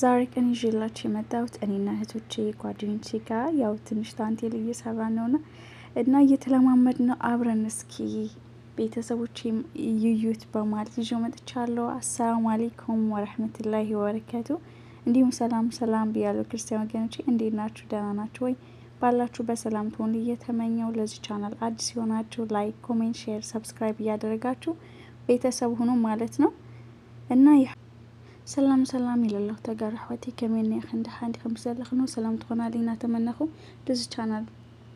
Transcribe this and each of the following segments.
ዛሬ ቀን ይዤላችሁ የመጣሁት እኔና እህቶቼ ጓደኞቼ ጋር ያው ትንሽ ታንቴል እየሰራ ነውና እና እየተለማመድ ነው አብረን እስኪ ቤተሰቦች ይዩት በማለት ይዤ መጥቻለሁ። አሰላሙ አሌይኩም ወረህመቱላሂ ወበረከቱ። እንዲሁም ሰላም ሰላም ብያለሁ ክርስቲያን ወገኖቼ፣ እንዴት ናችሁ? ደህና ናችሁ ወይ? ባላችሁ በሰላም ትሆን እየተመኘው ለዚህ ቻናል አዲስ የሆናችሁ ላይክ፣ ኮሜንት፣ ሼር፣ ሰብስክራይብ እያደረጋችሁ ቤተሰብ ሆኖ ማለት ነው እና ሰላም ሰላም ይለለሁ ተጋር ኣሕዋቲ ከመይ ኒኢኽን ድሓን ዲኹም ዘለኽኖ ሰላም ትኾና ሊና ተመነኹ ድዚ ቻናል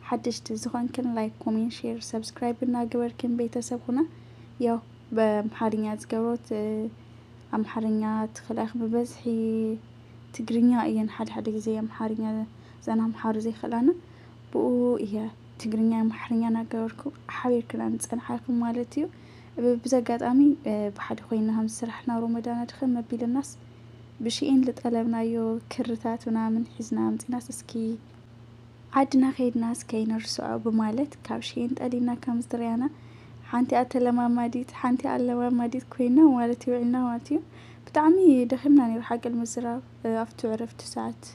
ሓድሽቲ ዝኾንክን ላይክ ኮሜንት ሼር ሰብስክራይብ እናገበርክን ቤተሰብ ኹና ያው ብኣምሓርኛ ዝገብሮት ኣምሓርኛ ትኽእላይኹ ብበዝሒ ትግርኛ እየን ሓደ ሓደ ግዜ ኣምሓርኛ ዘን ኣምሓሩ ዘይኽእላና ብኡ እየ ትግርኛ ኣምሓርኛ እናገበርኩ ሓቢርክና ንፀንሓይኹም ማለት እዩ بزاق أمي بحد خوينا هم سرحنا رمضان ادخل ما بيل الناس بشيئين لطلبنا يو كرتات ونامن حزنا ناس اسكي عدنا خيد ناس كي نرسو او بمالت كابشيئين تقلينا كامزدريانا حانتي اتلما ماديت حانتي اتلما ماديت كوينا والتي وعلنا والتي بتعمي دخمنا نير حق المزرع افتو عرفت ساعت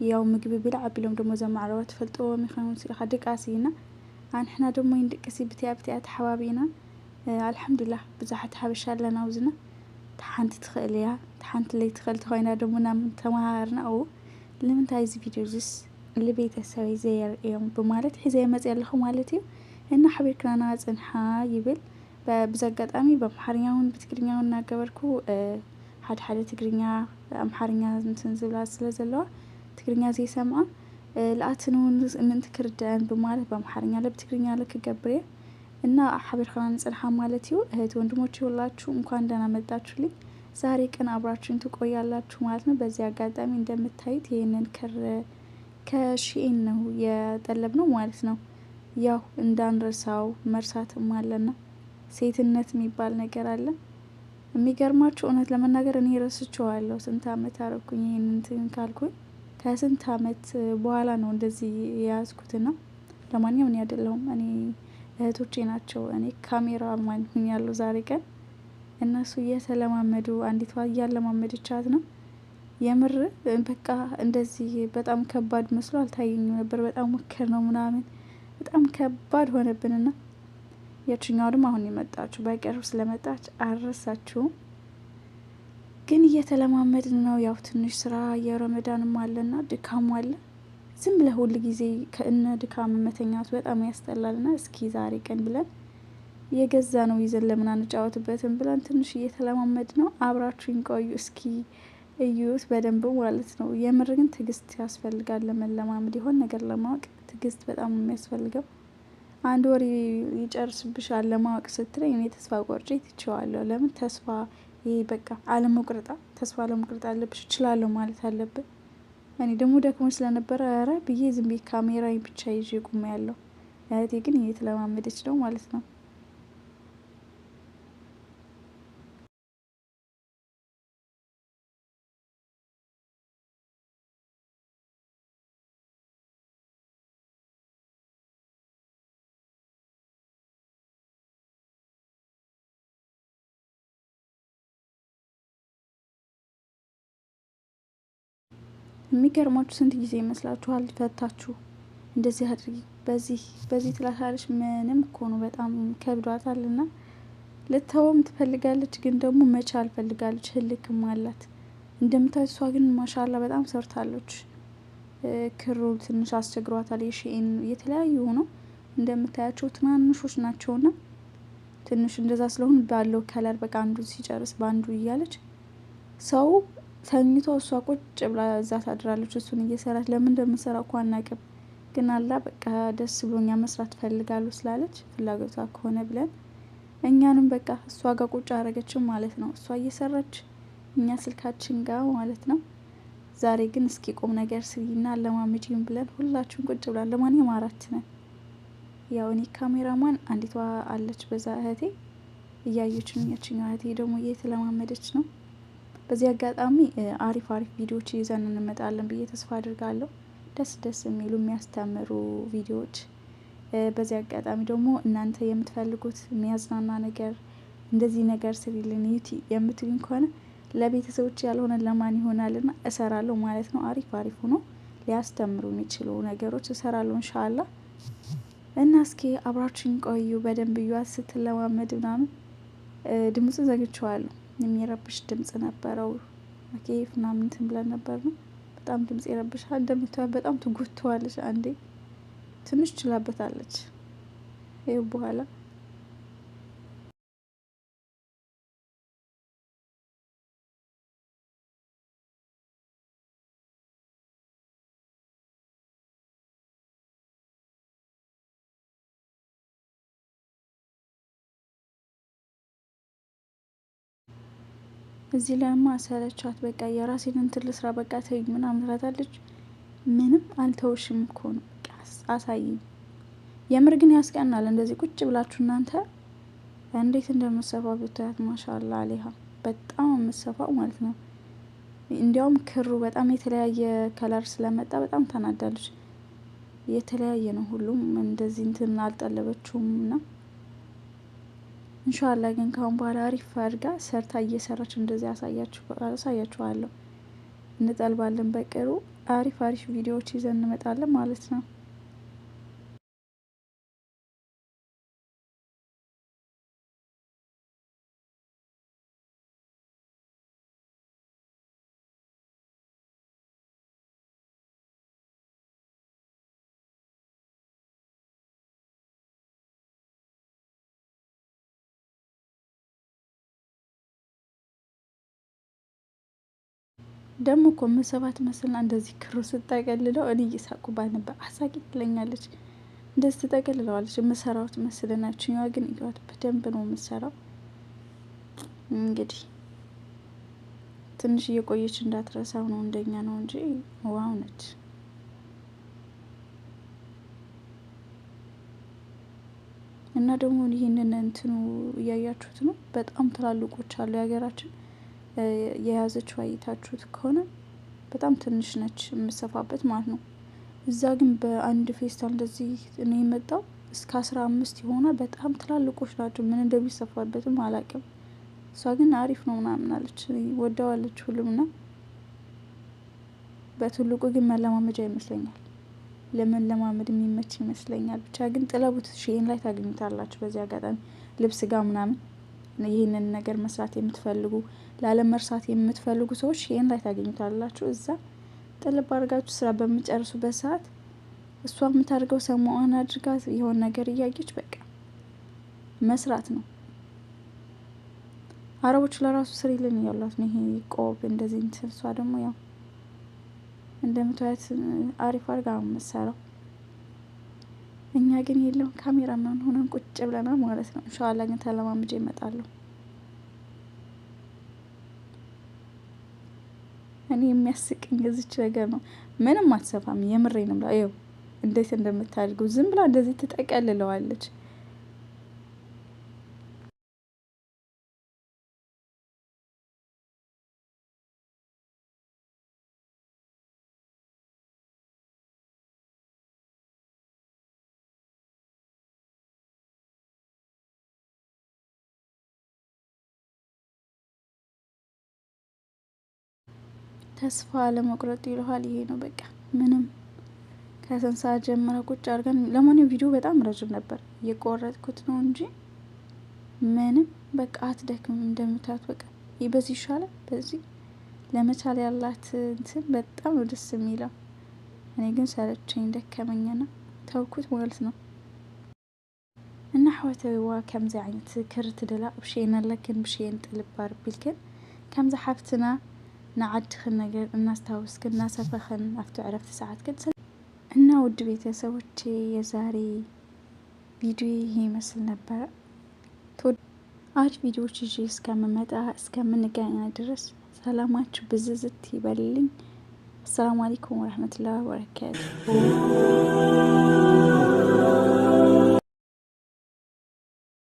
يوم مقبي بلعب لهم دمو زمع روات فلتو ومي خانون سيلا خدك عسينا عن حنا دمو يندك اسي بتيا تحوابينا ኣልሓምዱ ላ ብዙሓት ሓበሻ ኣለና ውዝና ተሓንቲ ትኽእል እያ ተሓንቲ ለይትኽእል ተኮይና ደሞ ናብ ተመሃርና እው ንምንታይ እዚ ቪድዮ ዝስ ንቤተሰበይ ዘየርእዮም ብማለት ሒዘ መፅ ኣለኹ ማለት እዩ እና ሓቢርክናና ፅንሓ ይብል ብዚ ኣጋጣሚ ብኣምሓርኛውን ብትግርኛውን እናገበርኩ ሓደ ሓደ ትግርኛ ኣምሓርኛ እንትን ዝብላ ስለ ዘለዋ ትግርኛ ዘይሰምዖ ለኣትን እውን ምእንቲ ክርድአን ብማለት ብኣምሓርኛ ለብትግርኛ ለክገብር እየ እና ሀቢር ከላን ማለት ይሁ እህት ወንድሞች ይሁላችሁ እንኳን ደህና መጣችሁልኝ። ዛሬ ቀን አብራችሁን ትቆያላችሁ ማለት ነው። በዚህ አጋጣሚ እንደምታዩት ይህንን ክር ከሺኤን ነው የጠለብ ነው ማለት ነው። ያው እንዳንረሳው መርሳትም አለና ሴትነት የሚባል ነገር አለ። የሚገርማችሁ እውነት ለመናገር እኔ ረስቼዋለሁ። ስንት አመት አረኩኝ ይህን እንትን ካልኩኝ ከስንት አመት በኋላ ነው እንደዚህ የያዝኩትና ለማንኛውም እኔ አይደለሁም እኔ እህቶቼ ናቸው። እኔ ካሜራ ማን ሁኛለሁ ዛሬ ቀን እነሱ እየተለማመዱ አንዲቷ እያለማመደቻት ነው። የምር በቃ እንደዚህ በጣም ከባድ መስሎ አልታየኝም ነበር። በጣም ሞከር ነው ምናምን በጣም ከባድ ሆነብንና የችኛው ድም አሁን የመጣችሁ በቅርብ ስለመጣች አልረሳችሁም። ግን እየተለማመድን ነው። ያው ትንሽ ስራ የረመዳንም አለና ድካሙ አለ። ዝም ብለህ ሁል ጊዜ ከእነ ድካም መተኛቱ በጣም ያስጠላል። ና እስኪ ዛሬ ቀን ብለን የገዛ ነው ይዘን ለምን አንጫወትበትም ብለን ትንሽ እየተለማመድ ነው። አብራችሁኝ ቆዩ እስኪ እዩት በደንብ ማለት ነው። የምር ግን ትግስት ያስፈልጋል ለመለማመድ፣ የሆን ነገር ለማወቅ ትግስት በጣም የሚያስፈልገው አንድ ወር ይጨርስብሻል ለማወቅ ስትለኝ እኔ ተስፋ ቆርጬ ትችዋለሁ። ለምን ተስፋ ይሄ በቃ አለመቁረጣ ተስፋ አለመቁረጥ አለብሽ እችላለሁ ማለት አለብን። እኔ ደግሞ ደክሞ ስለነበረ ኧረ ብዬ ዝም ብዬ ካሜራ ብቻ ይዤ ያለው እህቴ ግን እየተለማመደች ነው ማለት ነው። የሚገርማችሁ ስንት ጊዜ ይመስላችኋል ፈታችሁ እንደዚህ አድርጊ በዚህ በዚህ ትላታለች። ምንም እኮ ነው በጣም ከብዷታል ና ልተወም ትፈልጋለች፣ ግን ደግሞ መቻል ፈልጋለች። ህልክም አላት እንደምታዩት። እሷ ግን ማሻላ በጣም ሰርታለች። ክሩ ትንሽ አስቸግሯታል። የሺኤን የተለያዩ ሆኖ እንደምታያቸው ትናንሾች ናቸውና ትንሽ እንደዛ ስለሆኑ ባለው ከለር በቃ አንዱ ሲጨርስ በአንዱ እያለች ሰው ተኝቶ እሷ ቁጭ ብላ እዛ ታድራለች። እሱን እየሰራች ለምን እንደምንሰራ እኮ አናቅም፣ ግን አላ በቃ ደስ ብሎኛ መስራት ፈልጋሉ ስላለች ፍላጎቷ ከሆነ ብለን እኛንም በቃ እሷ ጋር ቁጭ አረገችው ማለት ነው። እሷ እየሰራች እኛ ስልካችን ጋር ማለት ነው። ዛሬ ግን እስኪ ቁም ነገር ስይና አለማምጪኝ ብለን ሁላችን ቁጭ ብላል። ለማንኛውም አራት ነን። ያው እኔ ካሜራማን አንዲቷ አለች፣ በዛ እህቴ እያየችን ያችኛው እህቴ ደግሞ እየተለማመደች ነው በዚህ አጋጣሚ አሪፍ አሪፍ ቪዲዮዎች ይዘን እንመጣለን ብዬ ተስፋ አድርጋለሁ። ደስ ደስ የሚሉ የሚያስተምሩ ቪዲዮዎች። በዚህ አጋጣሚ ደግሞ እናንተ የምትፈልጉት የሚያዝናና ነገር እንደዚህ ነገር ስሪልን ዩቲ የምትሉኝ ከሆነ ለቤተሰቦች ያልሆነ ለማን ይሆናልና እሰራለሁ ማለት ነው። አሪፍ አሪፍ ሆኖ ሊያስተምሩ የሚችሉ ነገሮች እሰራለሁ እንሻላ እና እስኪ አብራችን ቆዩ። በደንብ እዩዋት ስትለማመድ ምናምን ድምፁን ዘግቸዋለሁ። የሚረብሽ ድምጽ ነበረው። ኬፍ ምናምን እንትን ብለን ነበር ነው በጣም ድምጽ ይረብሻል። እንደምታዩት በጣም ትጎትተዋለች። አንዴ ትንሽ ችላበታለች። ይኸው በኋላ እዚህ ላይማ አሰለቻት። በቃ የራሴን እንትን ልስራ በቃ ተይኝ ምናምን ትላታለች። ምንም አልተውሽም እኮ ነው አሳይኝ። የምር ግን ያስቀናል። እንደዚህ ቁጭ ብላችሁ እናንተ እንዴት እንደምሰፋ ብታያት፣ ማሻላ አሊሃ በጣም የምሰፋው ማለት ነው። እንዲያውም ክሩ በጣም የተለያየ ከለር ስለመጣ በጣም ተናዳለች። የተለያየ ነው ሁሉም እንደዚህ እንትን አልጠለበችውም እና እንሻላ ግን ካሁን በኋላ አሪፍ አድርጋ ሰርታ እየሰራች እንደዚህ አሳያችኋለሁ። እንጠልባለን። በቅሩ አሪፍ አሪፍ ቪዲዮዎች ይዘን እንመጣለን ማለት ነው። ደግሞ እኮ መሰባት መስልና እንደዚህ ክሩ ስጠቀልለው እኔ እየሳቁ ባነበር አሳቂ ትለኛለች፣ እንደዚህ ትጠቀልለዋለች። የምሰራውት መስለናችሁ፣ ያው ግን እያዋት በደንብ ነው የምሰራው። እንግዲህ ትንሽ እየቆየች እንዳትረሳው ነው። እንደኛ ነው እንጂ ዋው ነች። እና ደግሞ ይህንን እንትኑ እያያችሁት ነው። በጣም ትላልቆች አሉ የሀገራችን የያዘችው አይታችሁት ከሆነ በጣም ትንሽ ነች የምሰፋበት ማለት ነው። እዛ ግን በአንድ ፌስታል እንደዚህ ነው የመጣው እስከ አስራ አምስት የሆነ በጣም ትላልቆች ናቸው። ምን እንደሚሰፋበትም አላቅም። እሷ ግን አሪፍ ነው ምናምናለች ወደዋለች ሁሉም ና በትልቁ ግን መለማመጃ ይመስለኛል ለመለማመድ የሚመች ይመስለኛል። ብቻ ግን ጥለቡት ሺኤን ላይ ታገኙታላችሁ። በዚህ አጋጣሚ ልብስ ጋር ምናምን ይህንን ነገር መስራት የምትፈልጉ ላለመርሳት የምትፈልጉ ሰዎች ይህን ላይ ታገኙታላችሁ። እዛ ጥልብ አድርጋችሁ ስራ በምጨርሱበት ሰዓት እሷ የምታደርገው ሰሞኗን አድርጋ የሆን ነገር እያየች በቃ መስራት ነው። አረቦቹ ለራሱ ስር ይልን እያሏት ነው። ይሄ ቆብ እንደዚህ እንትን እሷ ደግሞ ያው እንደምታያት አሪፍ አድርጋ ነው የምትሰራው። እኛ ግን የለም ካሜራማን ሆነን ቁጭ ብለናል ማለት ነው። እንሻላ ግን ተለማምጄ እኔ የሚያስቀኝ የዚች ነገር ነው። ምንም አትሰፋም። የምሬንም ላ ይኸው እንዴት እንደምታደርገው ዝም ብላ እንደዚህ ትጠቀልለዋለች። ተስፋ ለመቁረጥ ይለዋል። ይሄ ነው በቃ ምንም ከስንት ሰዓት ጀምረ ቁጭ አድርገን ለማንም ቪዲዮ በጣም ረጅም ነበር የቆረጥኩት ነው እንጂ ምንም በቃ አትደክም። እንደምታት በቃ ይህ በዚህ ይሻላል። በዚህ ለመቻል ያላት እንትን በጣም ነው ደስ የሚለው። እኔ ግን ሰለቸኝ ደከመኝና ተውኩት ማለት ነው። እና ኣሕዋተይዋ ከምዚ ዓይነት ክርት ትደላ ብሽ ኣለክን ብሽ የንጥልባር ቢልክን ከምዚ ሓፍትና ንዓድኽን ነገር እናስታውስክን እናሰፈኽን ኣብቲ ዕረፍቲ ሰዓትክን እና ውድ ቤተሰቦች የዛሬ ቪዲዮ ይሄ ይመስል ነበር። አሪፍ ቪዲዮዎች ይዤ እስከምመጣ እስከምንገናኝ ድረስ ሰላማችሁ ብዝዝት ይበልልኝ። አሰላሙ አለይኩም ወረሕመቱላህ ወበረካቱ።